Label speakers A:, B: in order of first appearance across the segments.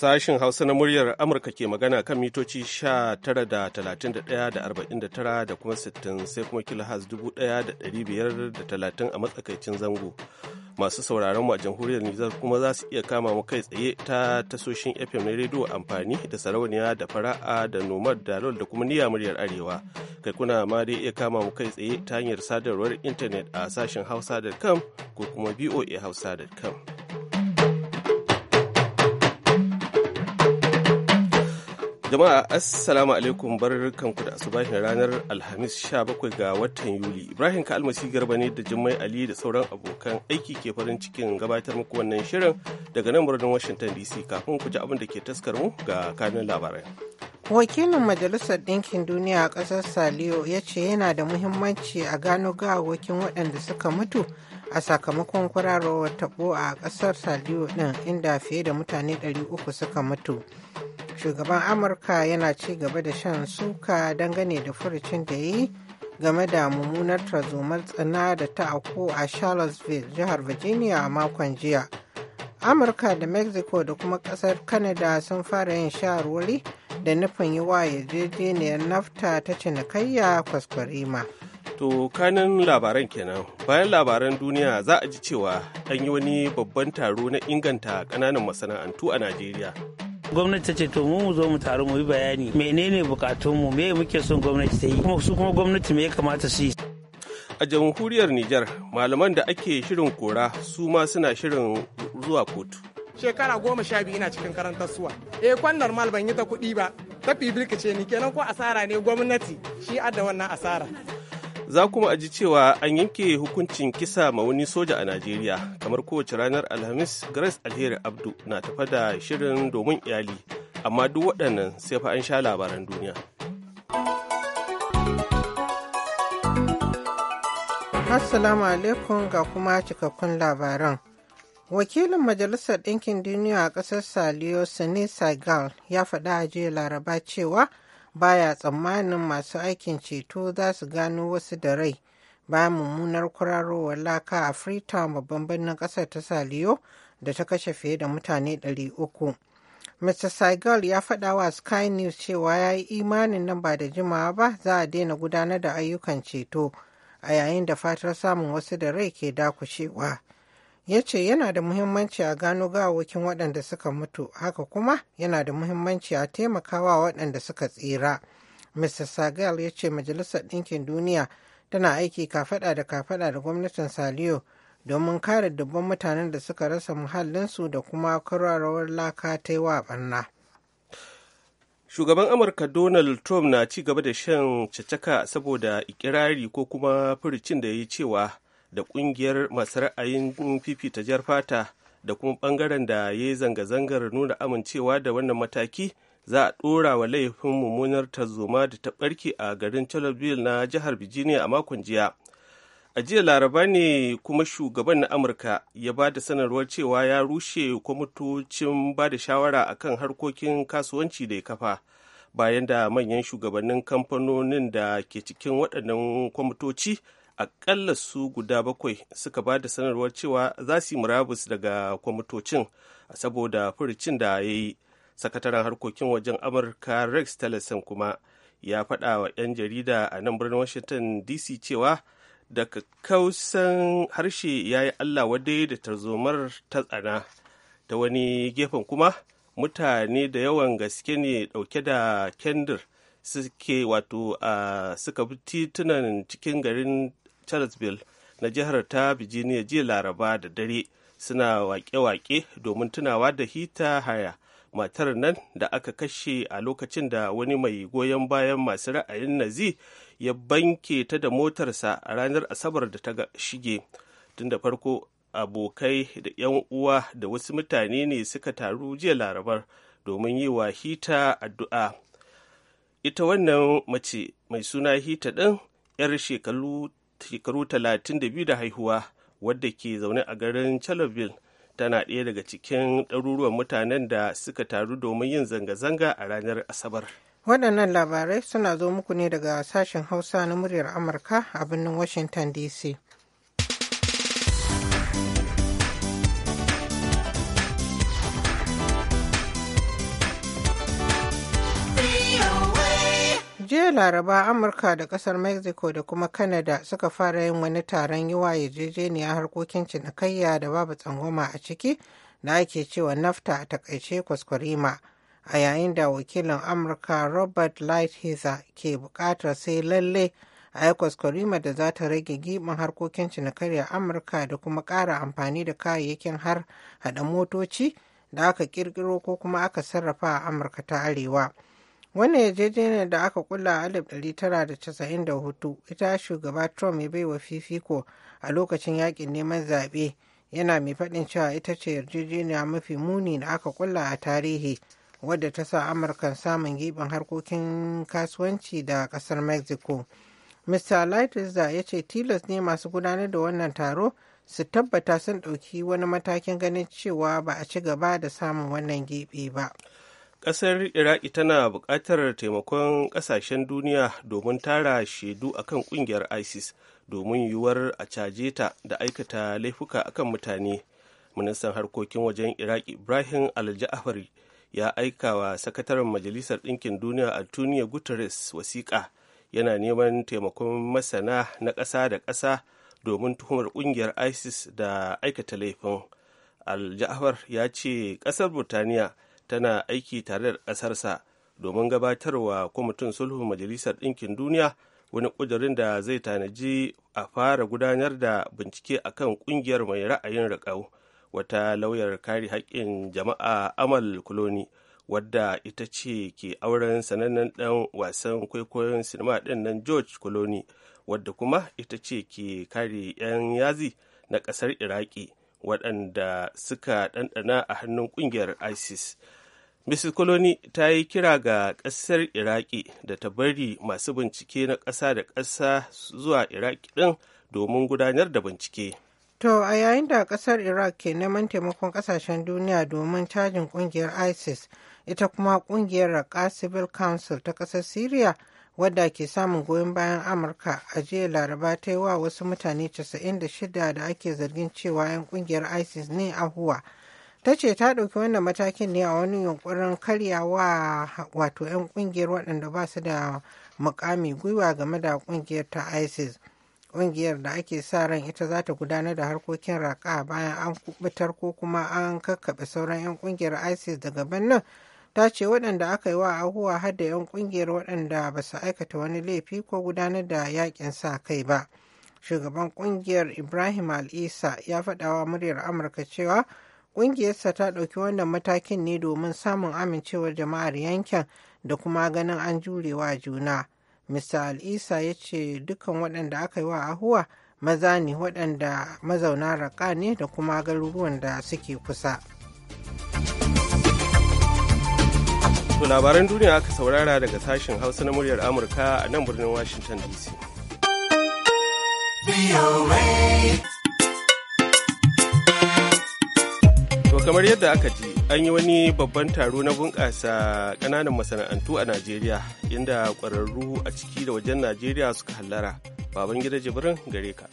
A: Sashin Hausa na muryar Amurka ke magana kan mitoci sha-tara da talatin da 49 da kuma 60 sai kuma da 1530 a matsakaicin zango. Masu sauraron mu a jamhuriyar Nizar kuma za su iya kama mu kai tsaye ta tasoshin FM na rediyo amfani da sarauniya da fara'a da nomad da lol da kuma niyya muryar arewa. Kai kuna ma dai iya kama mu kai tsaye ta hanyar sadarwar intanet a sashin hausa.com ko kuma hausa.com. Jama'a Assalamu alaikum barkanku da asubahin ranar Alhamis 17 ga watan Yuli. Ibrahim ka Kalmasi Garba ne da Jummai Ali da sauran abokan aiki ke farin cikin gabatar muku wannan shirin daga nan birnin Washington DC kafin ku ji abin da ke taskarmu ga kanun labarai.
B: Wakilin Majalisar Ɗinkin Duniya a ƙasar Saliyo ya ce yana da muhimmanci a gano gawakin waɗanda suka mutu a sakamakon kwararowar taɓo a ƙasar Saliyo ɗin inda fiye da mutane 300 suka mutu. shugaban amurka yana ci gaba da shan suka dangane da furucin da yi game da mummunar tarzomar tsana da ta auku a charlottesville jihar virginia a makon jiya amurka da mexico da kuma kasar canada sun fara yin shawarwari da nufin yi wa yarjejeniyar nafta ta cinikayya kwaskwarima
A: to kanin labaran kenan bayan labaran duniya za a ji cewa an yi wani babban taro na inganta ƙananan masana'antu a najeriya
C: gwamnati ta ce to mu zo mu taru mu yi bayani menene bukatunmu me muke son gwamnati ta yi kuma su kuma gwamnati me ya kamata su yi
A: a jamhuriyar Nijar malaman da ake shirin kora su ma suna shirin zuwa kotu.
D: Shekara goma sha biyu ina cikin karantar suwa. Eh kwan normal ban yi ta kuɗi ba, ta ce ni kenan ko asara ne gwamnati shi adda wannan asara.
A: za kuma a ji cewa an yanke hukuncin kisa ma wani soja a najeriya kamar kowace ranar alhamis grace alheri abdu na tafa da shirin domin iyali amma duk waɗannan sai fa an sha labaran duniya
B: assalamu alaikum ga kuma cikakkun labaran wakilin majalisar ɗinkin duniya a ƙasar saliyo sani saigal ya faɗa a jiya laraba cewa baya tsammanin masu aikin ceto za su gano wasu da rai bayan mummunar kwararowar laka a freetown babban birnin kasar ta saliyo da ta kashe fiye da mutane 300 mr saigal ya faɗa wa sky news cewa ya yi imanin nan ba da jimawa ba za a daina gudanar da ayyukan ceto a yayin da fatar samun wasu da rai ke dakushewa ya ce yana da muhimmanci a gano gawakin waɗanda suka mutu haka kuma yana da muhimmanci a taimakawa waɗanda suka tsira mr sagal ya ce majalisar ɗinkin duniya tana aiki kafaɗa da kafaɗa da gwamnatin saliyo domin kare dubban mutanen da suka rasa muhallinsu da kuma kwararrawar laka ta yi wa barna
A: shugaban amurka donald trump na ci gaba da shan cacaka saboda ikirari ko kuma furicin da ya yi cewa da kungiyar masu ra'ayin fifita jar fata da kuma bangaren da ya yi zanga-zangar nuna amincewa da wannan mataki za a ɗora wa laifin mummunar tarzoma da ta ɓarke a garin Charlottesville na jihar Virginia a makon jiya. A jiya laraba ne kuma shugaban na Amurka ya ba da sanarwar cewa ya rushe kwamitocin ba da shawara a kan harkokin kasuwanci da ya kafa bayan da manyan shugabannin kamfanonin da ke cikin waɗannan kwamitoci akalla su guda bakwai suka ba da sanarwar cewa za su yi murabus daga kwamitocin saboda furicin da ya yi sakataren harkokin wajen amurka rex tillerson kuma ya faɗa wa 'yan jarida a nan birnin washington dc cewa daga kausan harshe ya yi allah wadai da tarzomar ta tsana ta wani gefen kuma mutane da yawan gaske ne ɗauke da kendir suke wato a suka bi titunan cikin garin charlesville na jihar ta virginia jiya laraba da dare suna wake-wake domin tunawa da hita haya matar nan da aka kashe a lokacin da wani mai goyon bayan masu ra'ayin nazi ya banke ta da motarsa a ranar asabar da ta shige tun da farko abokai da 'yan uwa da wasu mutane ne suka taru jiya larabar domin yi wa hita addu'a ita wannan mace mai suna hita ɗin 'yar shekaru shekaru 32 da haihuwa wadda ke zaune a garin Chernobyl tana ɗaya daga cikin ɗaruruwan mutanen da suka taru domin yin zanga-zanga a ranar Asabar.
B: Waɗannan labarai suna zo muku ne daga sashen Hausa na muryar Amurka a birnin Washington DC. jiya laraba amurka da kasar mexico da kuma canada suka fara yin wani taron yi wa yarjejeniya harkokin cinikayya da babu tsangwama a ciki da ake cewa nafta a takaice kwaskwarima a yayin da wakilin amurka robert lighthizer ke bukatar sai lalle a yi kwaskwarima da za ta rage giɓin harkokin cinikayyar amurka da kuma ƙara amfani da kayayyakin har hada motoci da aka ƙirƙiro ko kuma aka sarrafa a amurka ta arewa. Wannan yarjejeniyar da aka kula a 1994 ita shugaba Trump ya baiwa fifiko a lokacin yakin neman zaɓe yana mai faɗin cewa ita ce yarjejeniya mafi muni da aka kula a tarihi wadda ta sa Amurka samun giɓin harkokin kasuwanci da ƙasar Mexico. Mr. Lighthizer ya ce tilas ne masu gudanar da wannan taro su tabbata sun ɗauki wani matakin ganin cewa ba a ci gaba da samun wannan giɓi ba.
A: ƙasar iraki tana buƙatar taimakon ƙasashen duniya domin tara shaidu a kan ƙungiyar isis domin yiwuwar a caje ta da aikata laifuka akan mutane ministan harkokin wajen iraki ibrahim Al-Jaafari ya aika wa sakataren majalisar ɗinkin duniya a antonio guterres wasiƙa yana neman taimakon masana na ƙasa da ƙasa domin tuhumar ƙungiyar isis da aikata laifin Al-Ja'afar ya ce ƙasar burtaniya tana aiki tare da ƙasarsa domin gabatarwa kwamitin sulhun majalisar ɗinkin duniya wani ƙudurin da zai tanaji a fara gudanar da bincike a kan ƙungiyar mai ra'ayin riƙau wata lauyar kare haƙƙin jama'a amal kuloni wadda ita ce ke auren sanannen ɗan wasan kwaikwayon sinima ɗin nan george kuloni wadda kuma ita ce ke kare 'yan yazi na ƙasar iraki waɗanda suka ɗanɗana a hannun ƙungiyar isis mrs coloni ta yi kira ga ƙasar iraki da ta bari masu bincike na ƙasa da ƙasa zuwa iraki ɗin domin gudanar da bincike
B: to a yayin da ƙasar iraq ke neman taimakon ƙasashen duniya domin cajin ƙungiyar isis ita kuma ƙungiyar raka civil council ta ƙasar syria wadda ke samun goyon bayan amurka a jiya laraba ta yi wa wasu mutane 96 da ake zargin cewa 'yan ƙungiyar isis ne a huwa ta ce ta ɗauki wannan matakin ne a wani yunkurin karyawa wato 'yan ƙungiyar waɗanda ba su da mukami gwiwa game da ƙungiyar ta isis ƙungiyar da ake sa ran ita za ta gudanar da harkokin raƙa bayan an kubutar ko kuma an kakkaɓe sauran 'yan ƙungiyar isis daga bannan ta ce waɗanda aka yi wa ahuwa har da 'yan ƙungiyar waɗanda ba su aikata wani laifi ko gudanar da yakin sa kai ba shugaban ƙungiyar ibrahim Al-Isa ya faɗawa muryar amurka cewa Ƙungiyarsa ta ɗauki wannan matakin ne domin samun amincewar jama'ar yankin da kuma ganin an jurewa juna. Mr. Al'isa ya ce dukkan waɗanda aka yi wa ahuwa maza ne waɗanda mazauna raƙa ne da kuma garuruwan da suke kusa.
A: To labaran duniya aka saurara daga sashen Hausa na muryar Amurka a nan birnin Washington DC. kamar yadda aka ji an yi wani babban taro na bunƙasa ƙananan masana'antu a najeriya inda ƙwararru a ciki da wajen najeriya suka hallara baban gida jibrin gare ka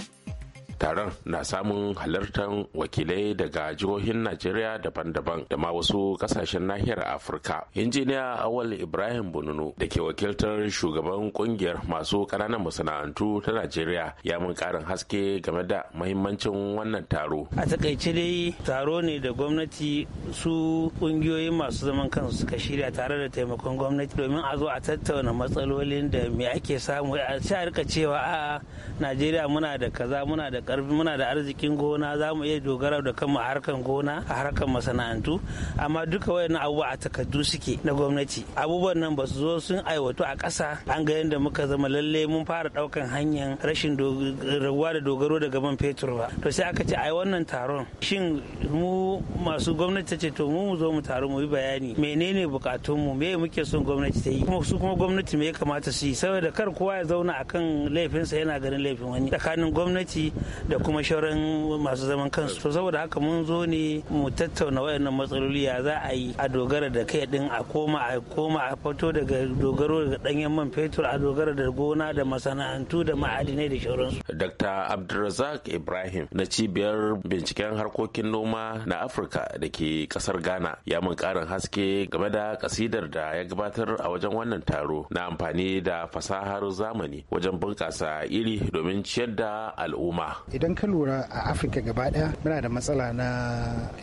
A: taron
E: na samun halartar wakilai daga jihohin najeriya daban-daban da ma wasu kasashen nahiyar afirka injiniya awal ibrahim bununu da ke wakiltar shugaban kungiyar masu kananan masana'antu ta najeriya ya mun karin haske game da mahimmancin wannan taro
C: a takaice dai taro ne da gwamnati su kungiyoyin masu zaman kansu suka shirya tare da taimakon gwamnati domin a zo a tattauna matsalolin da me ake samu a rika cewa a najeriya muna da kaza muna da karfi muna da arzikin gona za mu iya dogara da kanmu a harkar gona a harkar masana'antu amma duka wayannan abubuwa a takardu suke na gwamnati abubuwan nan ba su zo sun aiwatu a ƙasa an ga yadda muka zama lalle mun fara ɗaukan hanyar rashin raguwa da dogaro daga man fetur ba to sai aka ce ai wannan taron shin mu masu gwamnati ce to mu mu zo mu taro mu yi bayani menene bukatunmu me muke son gwamnati ta yi kuma su kuma gwamnati me ya kamata su yi saboda kar kowa ya zauna akan laifinsa yana ganin laifin wani tsakanin gwamnati da kuma shauran masu zaman kansu to saboda haka mun zo ne mu tattauna wayannan matsaloli ya za a yi a dogara da kai din a koma a koma a fito daga dogaro daga danyen man fetur a dogara da gona da masana'antu da ma'adinai da shauransu
E: Dr. Abdulrazak Ibrahim na cibiyar binciken harkokin noma na Afirka da ke kasar Ghana ya mun karin haske game da kasidar da ya gabatar a wajen wannan taro na amfani da fasahar zamani wajen bunƙasa iri domin ciyar da al'umma
F: idan ka lura a afirka gaba daya muna da matsala na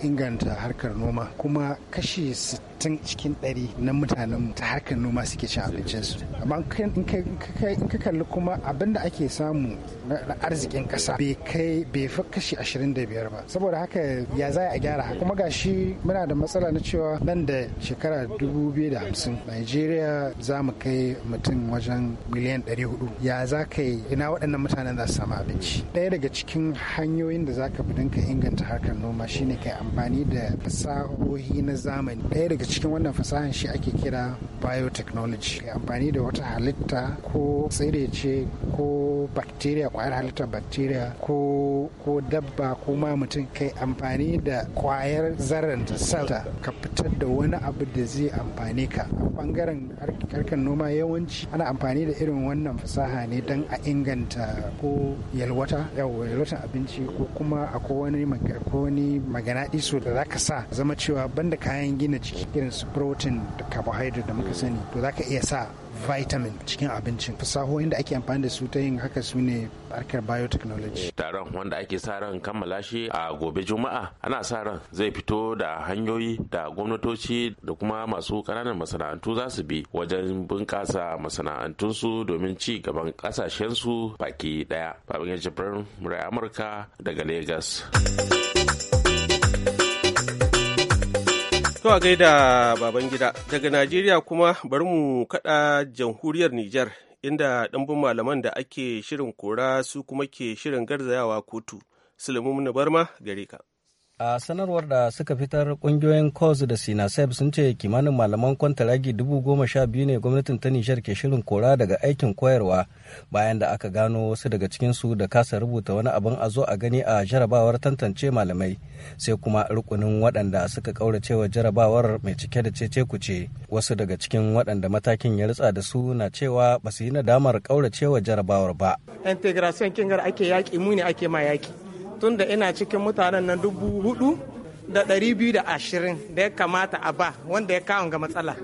F: inganta harkar noma kuma kashi 60 cikin 100 na mutanen ta harkar noma suke cin abincinsu amma in ka kalli kuma abin da ake samu na arzikin kasa bai kai bai fi kashi 25 ba saboda haka ya za a gyara kuma gashi muna da matsala na cewa nan da shekara 2050 Najeriya za mu kai mutum wajen miliyan 400 ya za ka yi ina waɗannan mutanen za su samu abinci ɗaya daga cikin hanyoyin da za ka fi ka inganta harkar noma shine kai amfani da fasahohi na zamani ɗaya daga cikin wannan fasahan shi ake kira biotechnology kai amfani da wata halitta ko tsire ce ko bacteria kwayar halitta bacteria ko ko dabba ko ma mutum kai amfani da kwayar zarar da salta ka fitar da wani abu da zai amfane ka a bangaren harkar noma yawanci ana amfani da irin wannan fasaha ne don a inganta ko yalwata rashin abinci ko kuma a ko wani maganaɗi so da zaka sa zama cewa banda kayan gina jiki irin su protein da carbohydrate da muka sani to zaka iya sa vitamin cikin abincin fasahohin da ake amfani da su ta yin haka su ne harkar biotechnology
E: taron wanda ake sa ran kammala shi a gobe juma'a ana sa ran zai fito da hanyoyi da gwamnatoci da kuma masu kananan masana'antu za su bi wajen bunƙasa masana'antunsu domin ci gaban ƙasashensu baki ɗaya babin
A: jibrin murai amurka daga lagos To a gaida baban gida daga Najeriya kuma bari mu kaɗa jamhuriyar Nijar inda ɗimbin malaman da ake shirin kora su kuma ke shirin garzayawa kotu. Sulemu Barma gare ka.
G: A sanarwar da suka fitar kungiyoyin COS da Sinasef sun ce kimanin malaman kwantaragi dubu goma sha biyu ne gwamnatin ta nishar ke shirin kora daga aikin koyarwa bayan da aka gano wasu daga cikinsu da kasa rubuta wani abin a zo a gani a jarabawar tantance malamai sai kuma rukunin waɗanda suka ƙauracewa jarabawar mai cike da cece kuce wasu daga cikin waɗanda matakin ya ritsa da su na cewa ba su yi nadamar kauracewa jarabawar ba.
D: Integration kingar ake yaƙi mu ne ake ma yaƙi. tunda ina cikin mutanen nan dubu hudu da ɗari biyu da ashirin da ya kamata a ba wanda ya kawo ga matsala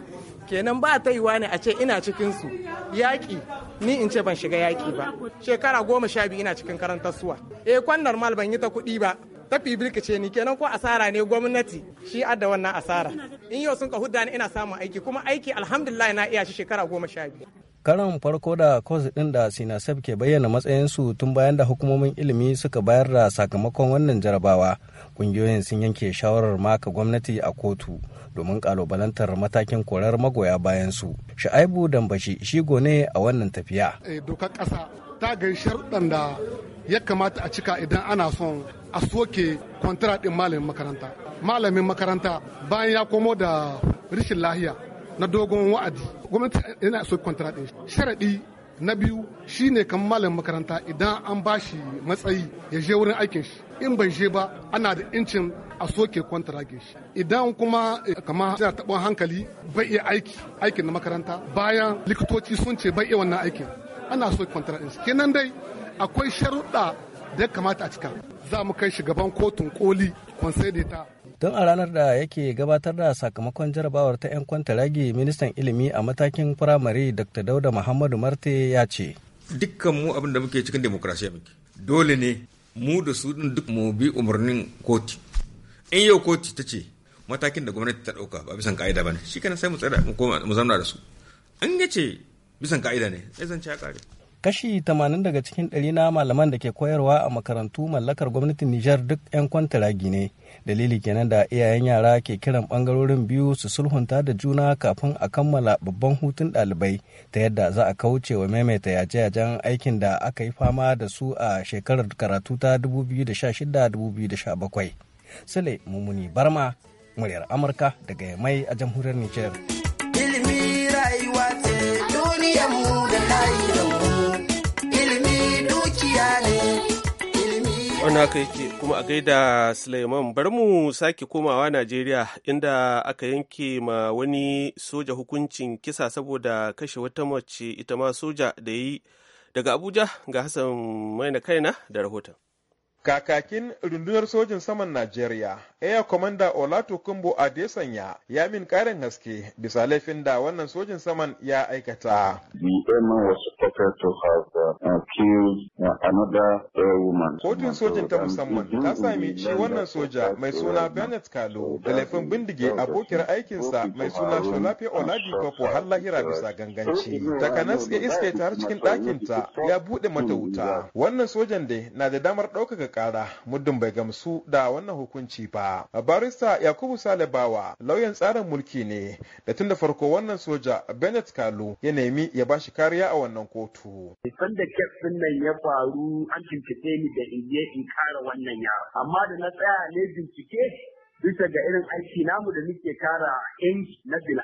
D: kenan ba ta yiwa ne a ce ina cikin su yaƙi ni in ce ban shiga yaƙi ba shekara goma sha biyu ina cikin karantar suwa eh kwan normal ban yi ta kuɗi ba ta fibilka ce ni kenan ko asara ne gwamnati shi adda wannan asara in yau sun ka hudda ni ina samun aiki kuma aiki alhamdulillah na iya shi shekara goma sha biyu
G: karan farko da kwas ɗin da sinasaf ke bayyana matsayinsu tun bayan da hukumomin ilimi suka bayar da sakamakon wannan jarabawa ƙungiyoyin sun yanke shawarar maka gwamnati a kotu domin kalubalantar matakin korar magoya bayansu sha'aibu dambashi shigo ne a wannan tafiya
F: eh, dokar ƙasa ta gai sharɗan da ya kamata a cika idan ana son a soke kwantara ɗin malamin makaranta malamin makaranta bayan ya komo da rashin lahiya na dogon wa'adi gwamnati yana so kwantara Sharaɗi na biyu shine kan malam makaranta idan an ba shi matsayi ya je wurin aikin shi in bai je ba ana da incin a soke kwantarage shi idan kuma eh, kama yana taɓon hankali bai iya aiki aikin na makaranta bayan likitoci sun ce bai iya wannan aikin ana so kwantarage shi kenan dai akwai sharuɗa da ya kamata a cika za mu kai gaban kotun koli da tun a
G: ranar da yake gabatar da sakamakon jarabawar ta 'yan kwanta kwantaragi ministan ilimi a matakin firamare dr dauda muhammadu marte ya ce dukkan mu abin da muke cikin demokrasiya muke dole ne mu da su din duk mu bi umarnin koti in yau koti ta ce matakin da gwamnati ta dauka ba bisan ka'ida ba ne shi kana sai mu tsaya mu da su an ya ce bisan ka'ida ne sai zan ci ya kare kashi tamanin daga cikin ɗari na malaman da ke koyarwa a makarantu mallakar gwamnatin Nijar duk 'yan kwantiragi ne. Dalili kenan da iyayen yara ke kiran bangarorin biyu su sulhunta da juna kafin a kammala babban hutun ɗalibai ta yadda za a kauce wa maimaita yaje-yajen aikin da aka yi fama da su a shekarar karatu ta 2016-2017. Sule Mumuni Barma, muryar Amurka daga Yamai a jamhuriyar Nijar.
H: Ilimi rayuwa
C: ce
B: mu.
A: wani haka yake kuma a gaida suleiman bar mu sake komawa najeriya inda aka yanke ma wani soja hukuncin kisa saboda kashe wata mace ita ma soja da yi daga abuja ga hassan mai na kaina da rahoton
D: Kakakin rundunar sojin saman Najeriya, Air Commander Olatokunbo Adesanya ya min karin haske bisa laifin da wannan sojin saman ya aikata.
I: expected to have uh, killed uh, another woman. Kotun
D: sojin ta um, musamman ta sami shi wannan soja mai suna Bernard Kalu da laifin bindige abokin aikinsa mai suna Shalafe Oladi Kofo har lahira bisa ganganci. Takanas ya iske ta har cikin ɗakinta ya buɗe mata wuta. Wannan sojan dai na da damar ɗaukaka ƙara muddin bai gamsu da wannan hukunci ba. Barista Yakubu Salibawa lauyan tsarin mulki ne da tun da farko wannan soja Bernard Kalu ya nemi ya ba shi kariya a wannan kotu. San da kes nan ya faru an cincike
I: ni da in in kara wannan yaro. Amma da na tsaya ne bincike bisa ga irin aiki namu da muke kara inch na bil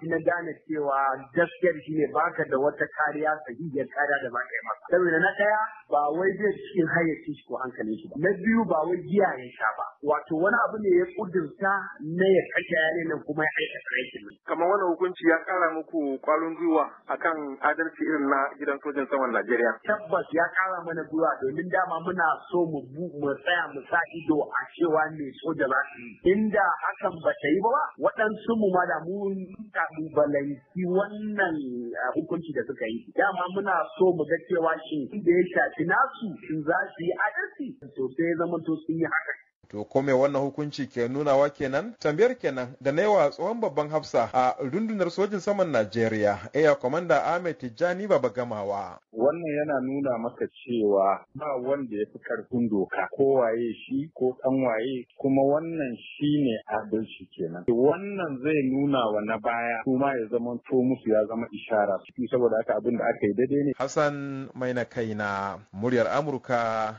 I: shi na gane cewa gaskiyar shi ne baka da wata kariya sahihiyar kariya da baka yi masa saboda na daya ba wai zai cikin hayyaci shi ko hankalin shi ba na biyu ba wai giya ya sha ba wato wani abu ne ya kudurta na ya kashe yare nan kuma ya aikata
D: aikin nan kamar wannan hukunci ya kara muku kwarin gwiwa akan adalci irin na gidan sojan saman Najeriya
I: tabbas ya kara mana gwiwa domin dama muna so mu tsaya mu sa ido a cewa mai soja za su yi inda hakan ba ta yi ba waɗansu mu ma da mun kalubalanci wannan ah, hukunci da suka yi dama muna so mu ga cewa shin da ya shafi nasu shin za su yi adalci to sai zama to sun yi haka
D: to ko wannan hukunci ke nunawa kenan tambayar kenan da na yawa tsohon babban hafsa a rundunar sojin saman najeriya air commander ahmed tijjani baba gamawa wannan yana nuna maka cewa ba wanda ya fi karfin doka ko waye shi ko dan waye kuma wannan shi shine adalci
G: kenan wannan
D: zai nuna wa na baya kuma ya zama to musu ya zama ishara saboda haka abin da aka yi daidai ne hassan mai na kaina muryar amurka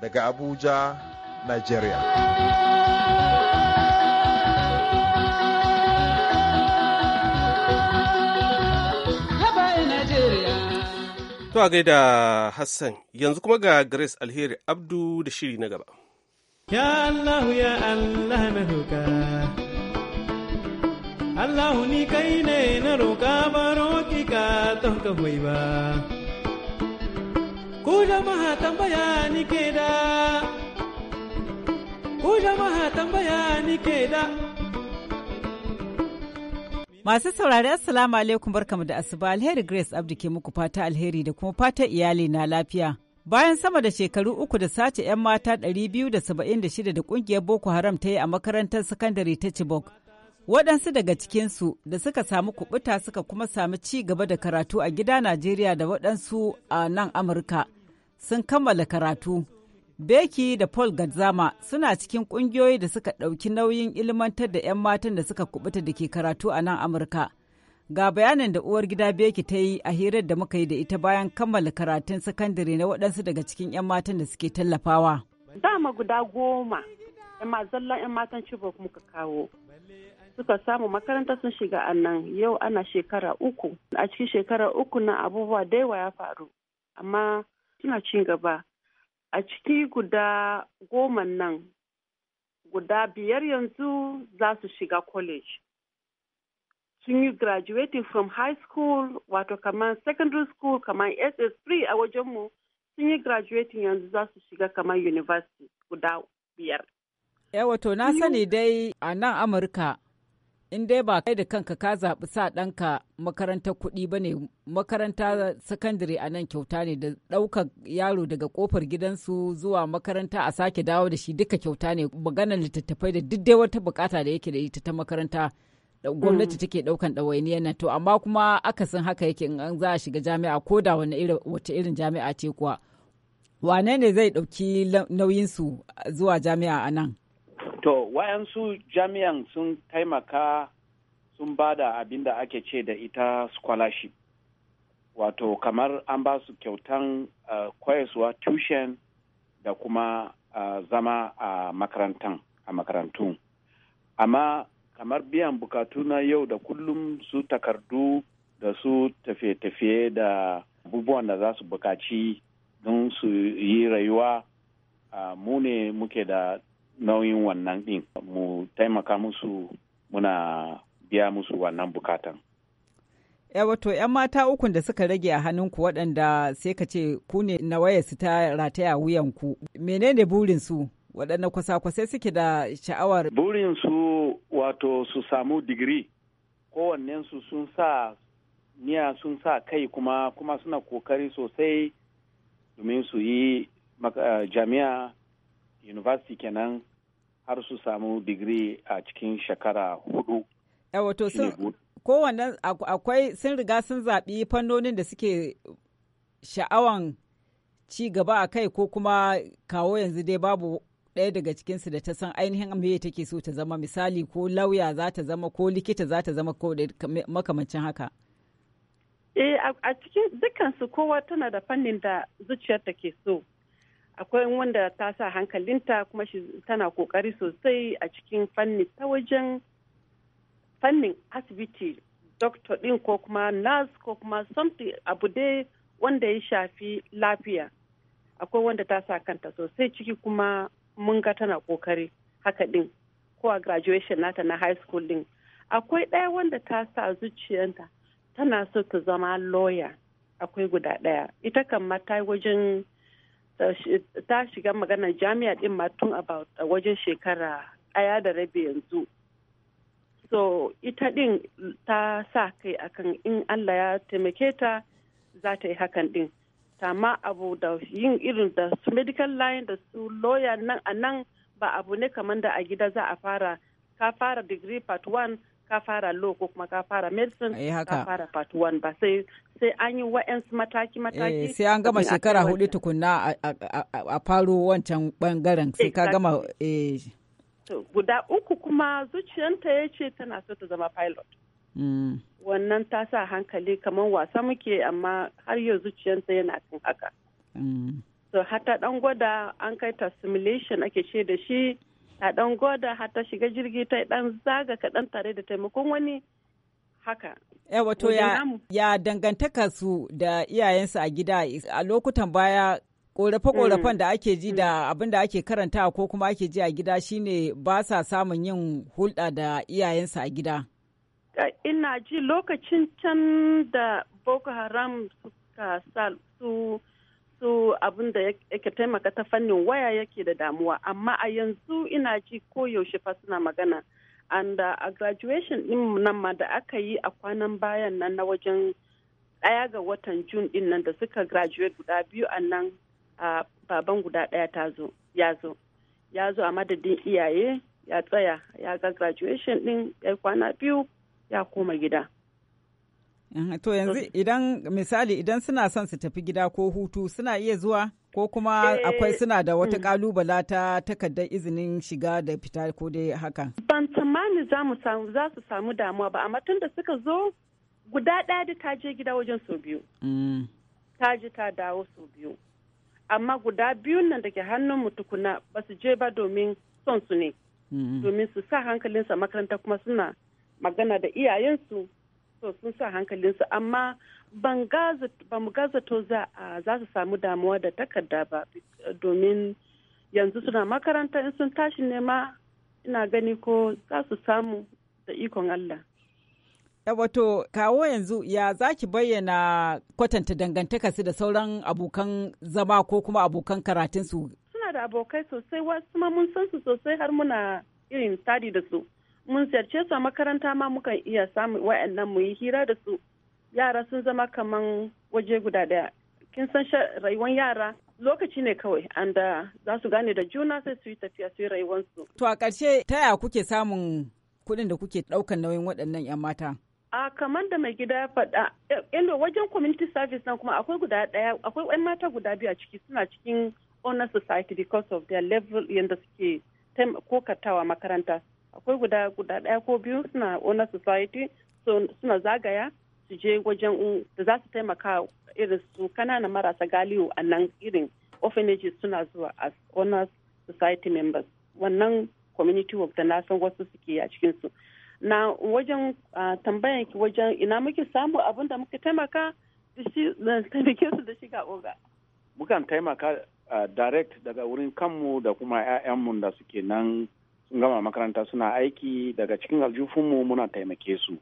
D: daga abuja Nigeria.
A: To a gaida Hassan yanzu kuma ga Grace Alheri Abdu da shiri na gaba.
D: Ya Allah ya Allah na roƙa. Allah ni kai ne na roƙa ba roki ka don ka ba. Ku jama'a tambaya
H: ni ke da ku jama'a tambaya ni ke da. Masu saurari Assalamu alaikum barkamu da asuba alheri Grace Abdi ke muku fata alheri da kuma fata iyali na lafiya. Bayan sama da shekaru uku da sace 'yan mata 276 da kungiyar Boko Haram ta yi a makarantar sakandare ta Chibok, waɗansu daga cikinsu da suka samu kubuta suka kuma sami ci gaba da karatu a gida Najeriya da waɗansu a nan Amurka sun kammala karatu Beki da Paul Gadzama suna cikin ƙungiyoyi da suka ɗauki nauyin ilmantar da 'yan matan da suka kubuta da ke karatu a nan Amurka. Ga bayanin da uwar gida Beki ta yi a hirar da muka yi da ita bayan kammala karatun sakandare na waɗansu daga cikin 'yan matan da suke tallafawa.
J: Dama guda goma, 'yan mazallan 'yan matan Chibok muka kawo. Suka samu makarantar sun shiga a nan yau ana shekara uku. A cikin shekara uku na abubuwa da yawa ya faru. Amma suna cin gaba. a ciki guda goma nan guda biyar yanzu za su shiga college sun yi graduating from high school wato kamar secondary school kamar ss3 a wajenmu sun yi graduating yanzu za su shiga kamar university guda
H: biyar. Eh, wato na sani dai a nan amurka in dai ba kai da kanka ka zaɓi sa ɗanka makarantar kuɗi ba ne makaranta sakandare a nan kyauta ne da ɗaukar yaro daga ƙofar gidansu zuwa makaranta a sake dawo da shi duka kyauta ne maganar littattafai da duk dai wata bukata da yake da ita ta makaranta mm. gwamnati take ɗaukan ɗawainiyar nan to amma kuma akasin haka yake in an za a shiga jami'a ko da wani irin irin jami'a ce kuwa wane ne zai ɗauki nauyinsu zuwa jami'a a nan
I: To, wayansu jami'an sun taimaka sun ba da abin da ake ce da ita scholarship. Wato, kamar an ba su kyautan eh, koyaswa tushen da kuma eh, zama a makarantan, a makarantun. Amma kamar biyan bukatu na yau da kullum su takardu da su tafiye-tafiye da abubuwan da za su bukaci don su yi rayuwa ah, mu ne muke da nauyin wannan din mu taimaka musu muna biya musu wannan bukatan.
H: wato 'yan mata ukun da suka rage a hannunku waɗanda sai ka ce ku ne na wayarsu ta rataya wuyanku menene burinsu waɗanda kwasa-kwasai suke da sha'awar burinsu wato su samu digiri kowannensu sun sa niya
I: sun sa kai kuma kuma suna kokari sosai domin su yi jami'a university kenan har su samu digiri a cikin shekara hudu.
H: wato sun kowanne akwai sun riga sun zaɓi fannonin da suke sha'awan ci gaba a kai ko kuma kawo yanzu dai babu ɗaya daga cikinsu da ta san ainihin me take so ta zama misali ko lauya za ta zama ko likita za ta zama ko makamancin haka.
J: Eh a cikin dukansu kowa tana da fannin da zuciyar take so. akwai wanda ta sa hankalinta kuma shi tana kokari sosai a cikin fanni ta wajen fannin asibiti doctor din ko kuma nurse ko kuma something abu dai wanda ya shafi lafiya akwai wanda ta sa kanta sosai ciki kuma mun ga tana kokari haka din ko a graduation nata na high school din akwai ɗaya wanda ta sa zuciyarta tana so ta zama lawyer akwai guda ɗaya ita kan mata wajen Eh, ta shiga magana jami'a din ma tun about eh, wajen shekara ɗaya da rabi yanzu so ita din ta sa kai akan in allah ya taimake ta za ta yi hakan din tama abu da yin irin da su medical line da su lawyer nan a nan ba abu ne kamar da a gida za a fara ka fara degree part 1 ka fara low ko kuma ka fara medicine eh, ka fara part 1 ba sai sai an yi wa'ansu mataki mataki eh, sai an gama shekara hudu
H: tukunna a faro wancan bangaren sai ka gama eh.
J: guda uku kuma zuciyanta ya ce tana so ta zama pilot hmm. wannan ta sa hankali kamar wasa muke amma har yau zuciyanta yana kan haka.
H: So
J: hmm. hata dan gwada an kai ta simulation ake ce da shi a dan goda har ta shiga jirgi ta dan zaga kaɗan tare da taimakon wani
H: haka. wato ya, dangantaka su da iyayensu a gida a lokutan baya korafe-korafen da ake ji da mm-hmm. abin da ake karanta ko kuma ake ji a gida shine ba sa samun yin hulɗa da iyayensu a gida. Ina ji lokacin can da
J: Boko Haram suka sa su su abin da yake taimaka ta fannin waya yake da damuwa amma a yanzu ina ji koyaushe fa suna magana and uh, a graduation din nan ma da aka yi a kwanan bayan nan na wajen ɗaya ga watan jun din nan da suka graduate guda biyu a nan baban guda ɗaya ta zo ya zo ya zo a madadin iyaye ya tsaya ya ga graduation din ya kwana biyu ya koma gida
H: To yanzu idan misali idan suna son su tafi gida ko hutu suna iya zuwa ko kuma eh, akwai suna da wata kalubala hmm. ta takardar izinin shiga da fita ko dai haka. Ban tsammani
J: za samu za su samu damuwa ba amma tun da suka zo guda ɗaya da ta je gida wajen sau biyu. Hmm. Ta je ta dawo sau biyu. Amma guda biyun nan da hannun mu tukuna ba su je ba domin son su ne. Hmm. Domin su sa hankalinsa makaranta kuma suna magana da iyayensu. so sun sa hankalinsu amma ba mu gazato za su samu damuwa da takarda ba domin yanzu suna makaranta in sun tashi nema ina gani ko za su samu da ikon Allah.
H: wato kawo yanzu ya za ki bayyana kwatanta dangantaka su da sauran abokan zama ko kuma abokan karatunsu?
J: Suna da abokai sosai wasu mun san su sosai har muna irin tadi da su. mun ziyarce su a makaranta ma mukan iya samun wa'annan mu yi hira da su yara sun zama kaman waje guda daya kin san rayuwar yara lokaci ne kawai an
H: da za su gane da juna sai su yi tafiya su yi rayuwarsu. To a ƙarshe ta yaya kuke samun kuɗin da kuke ɗaukan nauyin waɗannan 'yan mata?
J: A kamar da mai gida ya faɗa, inda eh, wajen community service nan kuma akwai guda ɗaya, akwai 'yan mata guda biyu a ciki suna cikin honor society because of their level yadda suke kokatawa makaranta. akwai guda guda daya ko biyu suna honor society suna zagaya su je wajen da za su taimaka irin su kananan marasa galiyo a nan irin orphanages suna zuwa as honor society members wannan community work da na san wasu suke a cikinsu na wajen tambayan ki wajen ina muke samu abin da muke taimaka da taimake su da shiga oga
I: mukan taimaka direct daga wurin kanmu da kuma 'ya'yanmu da suke nan gama makaranta suna aiki daga cikin aljufinmu muna taimake su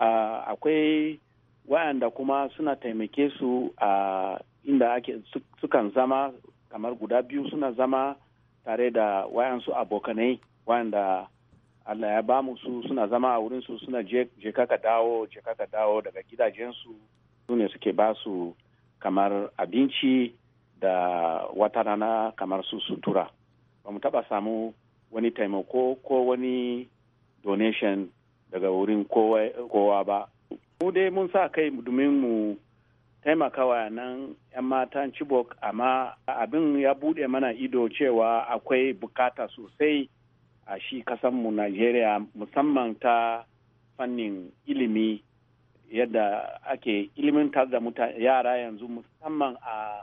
I: akwai wayanda kuma suna taimake su a inda ake sukan zama kamar guda biyu suna zama tare da wayansu abokanai wayanda Allah ya bamu su suna zama a wurinsu suna je kaka dawo je kaka dawo daga gidajensu su ne suke ba su kamar abinci da wata rana kamar su sutura ba mu taba samu wani taimako ko wani donation daga wurin kowa ba mu dai mun sa kai domin mu taimakawa nan 'yan matan chibok amma abin ya bude mana ido cewa akwai bukata sosai a shi mu najeriya musamman ta fannin ilimi yadda ake ilimin da yara yanzu musamman a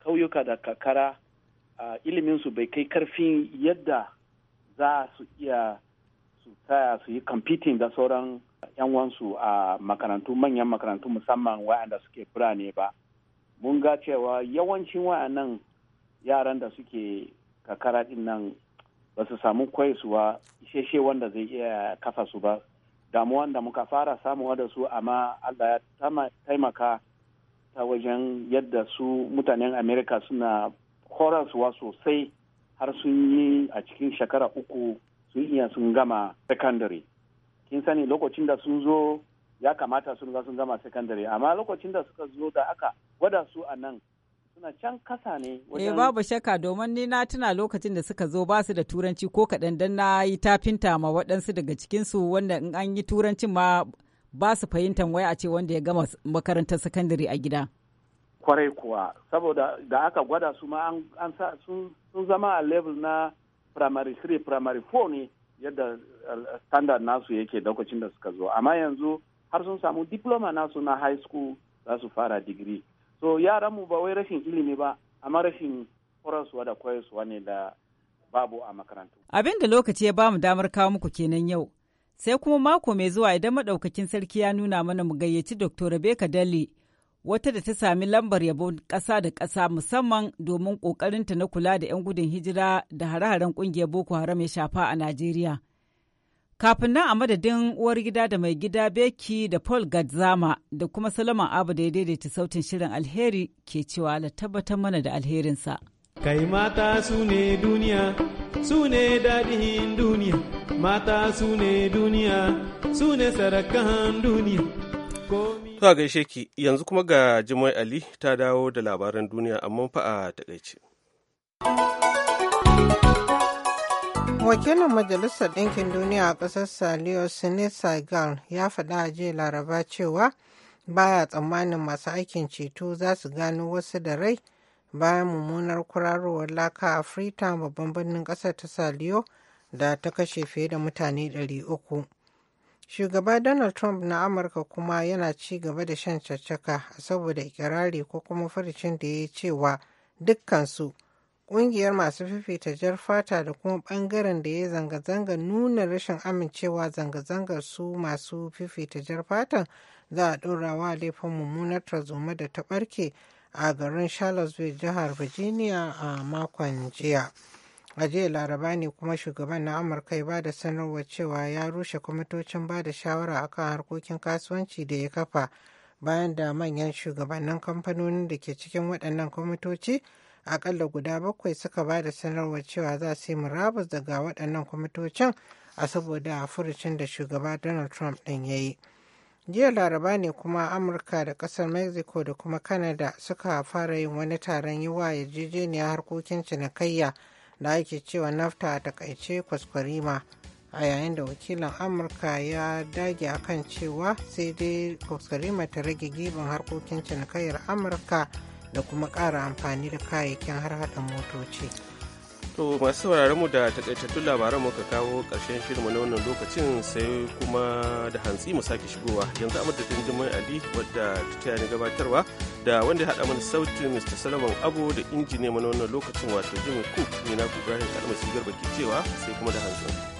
I: kauyuka da kakara ilimin su bai kai karfin yadda za su iya su taya su yi competing da sauran yan wansu a makarantu manyan makarantu musamman wa'anda suke birane ba mun ga cewa yawancin wa'annan yaran da suke kakara din nan ba su samu kwaisuwa isheshe wanda zai iya kafa su ba damuwan da muka fara samuwa da su amma allah ya taimaka ta wajen yadda su mutanen amerika suna horaswa sosai har sun yi a cikin shekara uku sun iya sun gama secondary kin sani lokacin da sun zo ya kamata sun ga sun gama secondary amma lokacin da suka zo da aka gwada su a nan suna can kasa ne wajen eh, babu
H: shakka domin ni na tuna lokacin da suka zo ba su da turanci ko kaɗan dan na yi tafinta ma waɗansu daga cikin su wanda in an yi turancin ma ba su fahimtar wai a ce wanda ya gama makarantar secondary a gida
I: kwarai kuwa saboda da aka gwada su ma an sun zama a level na primary 3 primary 4 ne yadda eh, standard nasu yake lokacin da suka zo amma yanzu har sun samu diploma nasu na high
H: school za su fara digiri
I: so yaran mu ba wai rashin ilimi ba amma rashin horaswa da koyaswa ne da babu a makarantu.
H: Abin da lokaci ya bamu damar kawo muku kenan yau. Sai kuma mako mai zuwa idan madaukakin sarki ya nuna mana mu gayyaci Dr. Rebecca dale. wata da ta sami lambar yabon ƙasa da ƙasa musamman domin ƙoƙarinta na kula da 'yan gudun hijira da hare-haren ƙungiyar Boko Haram ya shafa a Najeriya. Kafin nan a madadin uwar gida da mai gida Beki da Paul Gadzama da kuma salaman Abu da ya daidaita sautin shirin alheri ke cewa la tabbatar mana da alherinsa.
D: Kai mata su ne duniya, su ne daɗin duniya, mata su ne duniya, su ne sarakan duniya.
A: zuwa gaishe ki yanzu kuma ga Jimai Ali ta dawo da labaran duniya amma fa a takaice.
B: Wakilin Majalisar Ɗinkin Duniya a ƙasar salio Sine Saigal ya faɗa a jiya Laraba cewa baya tsammanin masu aikin ceto za su gano wasu da rai bayan mummunar kurarowar laka a Freetown babban birnin ƙasar ta salio da ta kashe fiye da mutane 300. Shugaba Donald Trump na Amurka kuma yana ci gaba da shan caccaka saboda ikirari ko kuma farcin da ya cewa dukkansu ƙungiyar masu fifita jar fata da kuma ɓangaren da ya zanga-zanga nuna rashin amincewa zanga-zangar su masu fifita jar fatan za a ɗorawa laifin mummunar tarzoma da ta ɓarke a garin Charlottesville jihar Virginia a makon jiya. a jiya laraba ne kuma shugaban na amurka ya bada sanarwar cewa ya rushe kwamitocin bada shawara akan harkokin kasuwanci da ya kafa bayan da manyan shugabannin kamfanonin da ke cikin waɗannan kwamitoci akalla guda bakwai suka ba da sanarwar cewa za su yi murabus daga waɗannan kwamitocin a saboda furucin da shugaba donald trump ɗin ya yi jiya laraba ne kuma amurka da ƙasar mexico da kuma canada suka fara yin wani taron yi wa yarjejeniya harkokin cinikayya da ake cewa nafta a takaice kwaskwarima a yayin da wakilin amurka ya dage akan cewa sai dai kwaskwarima ta rage gibin harkokin cinikayyar amurka da kuma ƙara amfani da kayayyakin har motoci.
A: To masu sauraron mu da takaitattun labaran muka kawo ƙarshen shirinmu na wannan lokacin sai kuma da hantsi mu sake shigowa yanzu a madadin jimai Ali wadda ta taya gabatarwa da wanda ya haɗa mana sautin Mr. Solomon Abu da injiniya na wannan lokacin wato Jimmy Cook ne na kubrahim Kalmasi Garba ke cewa sai kuma da hantsi.